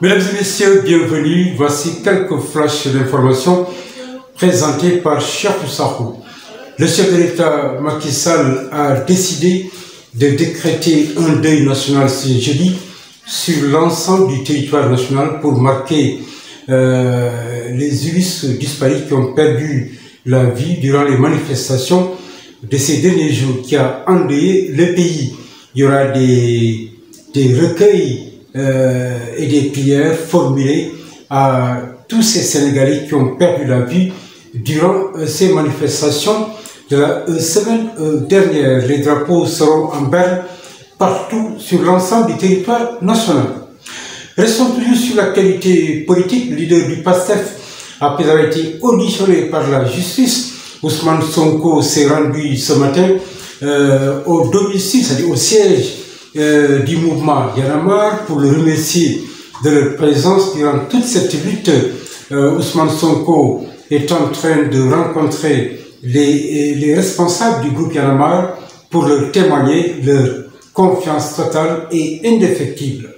Mesdames et messieurs, bienvenue. Voici quelques flashs d'informations présentés par Cheikh Sarko. Le chef de l'État Macky Sall a décidé de décréter un deuil national ce jeudi sur l'ensemble du territoire national pour marquer euh, les illustres disparus qui ont perdu la vie durant les manifestations de ces derniers jours qui a endeuillé le pays. Il y aura des recueils Euh, et des prières formulées à tous ces Sénégalais qui ont perdu la vie durant euh, ces manifestations de la euh, semaine dernière. Les drapeaux seront en berne partout sur l'ensemble du territoire national. Restons toujours sur la politique. Le leader du PASTEF, après avoir été auditionné par la justice, Ousmane Sonko s'est rendu ce matin euh, au domicile, au siège euh, du mouvement Yanamar pour le remercier de leur présence durant toute cette lutte. Euh, Ousmane Sonko est en train de rencontrer les, euh, les responsables du groupe Yanamar pour leur témoigner leur confiance totale et indéfectible.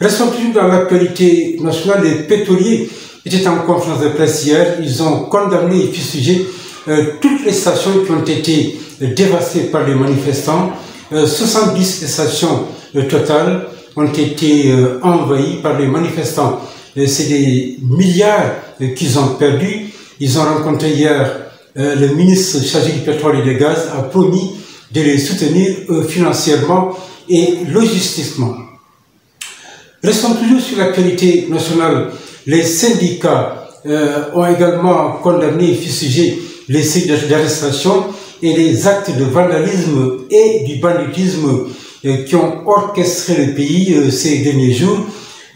Restons plus dans l'actualité nationale, les pétroliers étaient en conférence de presse hier. Ils ont condamné et fustigé euh, toutes les stations qui ont été dévastées par les manifestants. 70 euh, stations euh, totales ont été euh, envahies par les manifestants. C'est des milliards qu'ils ont perdus. Ils ont rencontré hier le ministre chargé du pétrole et du gaz a promis de les soutenir financièrement et logistiquement. Restons toujours sur l'actualité nationale. Les syndicats ont également condamné et fustigé les sites d'arrestation et les actes de vandalisme et du banditisme euh, qui ont orchestré le pays euh, ces derniers jours.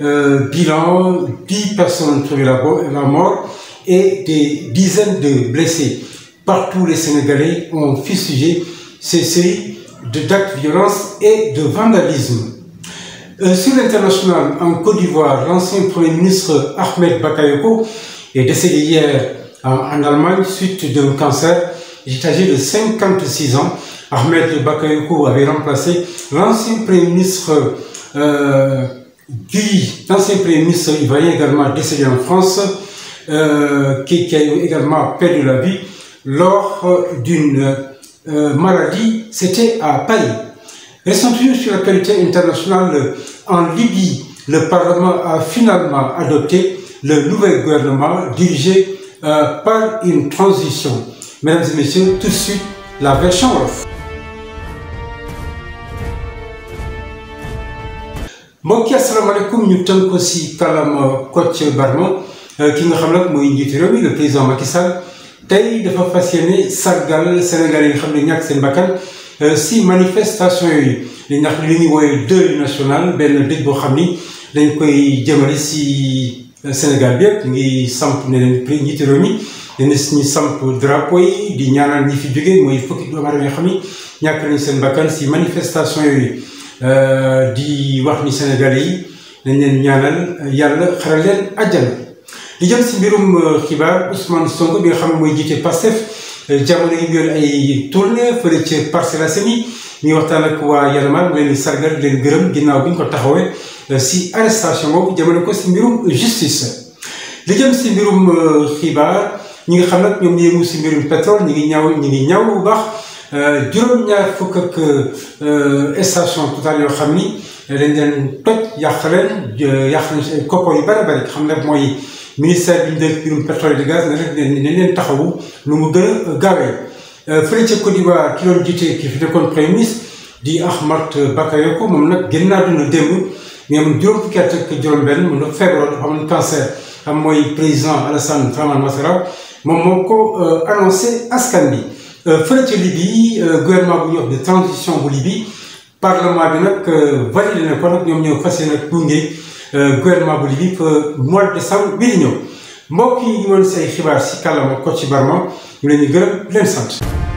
Euh, bilan, 10 personnes ont la, mort et des dizaines de blessés. Partout, les Sénégalais ont fustigé ces séries d'actes de violence et de vandalisme. sur l'international, en Côte d'Ivoire, l'ancien Premier ministre Ahmed Bakayoko est décédé hier en, Allemagne suite d'un cancer est âgé de 56 ans. Ahmed Bakayoko avait remplacé l'ancien Premier ministre euh, Guy, l'ancien Premier ministre ivoirien également décédé euh, euh, euh, à Paris. Restons en Libye. Le Parlement finalement adopté le nouvel gouvernement dirigé Mesdames et messieurs, tout de suite, la version Wolof. mbokk yi asalaamaaleykum ñu tënk ko si kàllaama Kocc Barma euh, ki nga xam nag mooy njiitu réew mi le président Macky tey dafa fas yéene Sénégal yi nga xam ne ñàkk seen bakkan euh, si manifestation yooyu li nga xam ne li ñuy woowee deuil national benn dëj boo xam ni dañ koy jëmale si. Euh, Sénégal bi ngi samp ne leen prix njiitu réew mi ne ñu samp drapeau yi di ñaanal ñi fi jóge mooy fukki doomu aadama xam ni ñàkk nañu seen bakkan si manifestation yooyu euh, di wax ni Sénégalais yi dañ leen ñaanal yàlla xaral leen àjjana. li jëm si mbirum euh, xibaar Ousmane Sonko bi nga xam ne mooy jiite Pastef jamono yi ñu ay tournée fële ca Parcelles Assainies mi ngi waxtaan ak waa Yanamar mu leen di sargal leen gërëm ginnaaw bi ñu ko taxawee. si station boobu jëmale ko si mbirum justice. li jëm si mbirum euh, xibaar ñi nga xam nag ñoom ñu yëngu si mbirum pétrole ngi ñaw ñi ngi ñaw bu baax euh, juróom-ñaar fukk ak euh, station Total yoo xam ni dañ leen toj yàq xam nag mooy. ministère bi ñu def mbirum pétrole de gaz ne ne leen taxawu lu mu gën a gaawee fële ca Côte d'Ivoire ki doon jiite ki fi nekkoon premier ministre di Ahmed Bakayoko moom nag génn naa dund mais man juróom fukki at ak juróom-benn mu dafa feebaroon dafa amoon cancer am mooy président Alassane Dramane Ouattara moom moo ko euh, annoncé askan bi euh, fële ci Libye euh, gouvernement bu ñuy wax de transition bu Libye parlement bi nag validé na ko nag ñoom ñoo fas nag gunge gouvernement bu Libye mois de décembre bii ñëw mbokk yi ñu woon say xibaar si kàllaama Kocc Barma ñu leen di leen sant.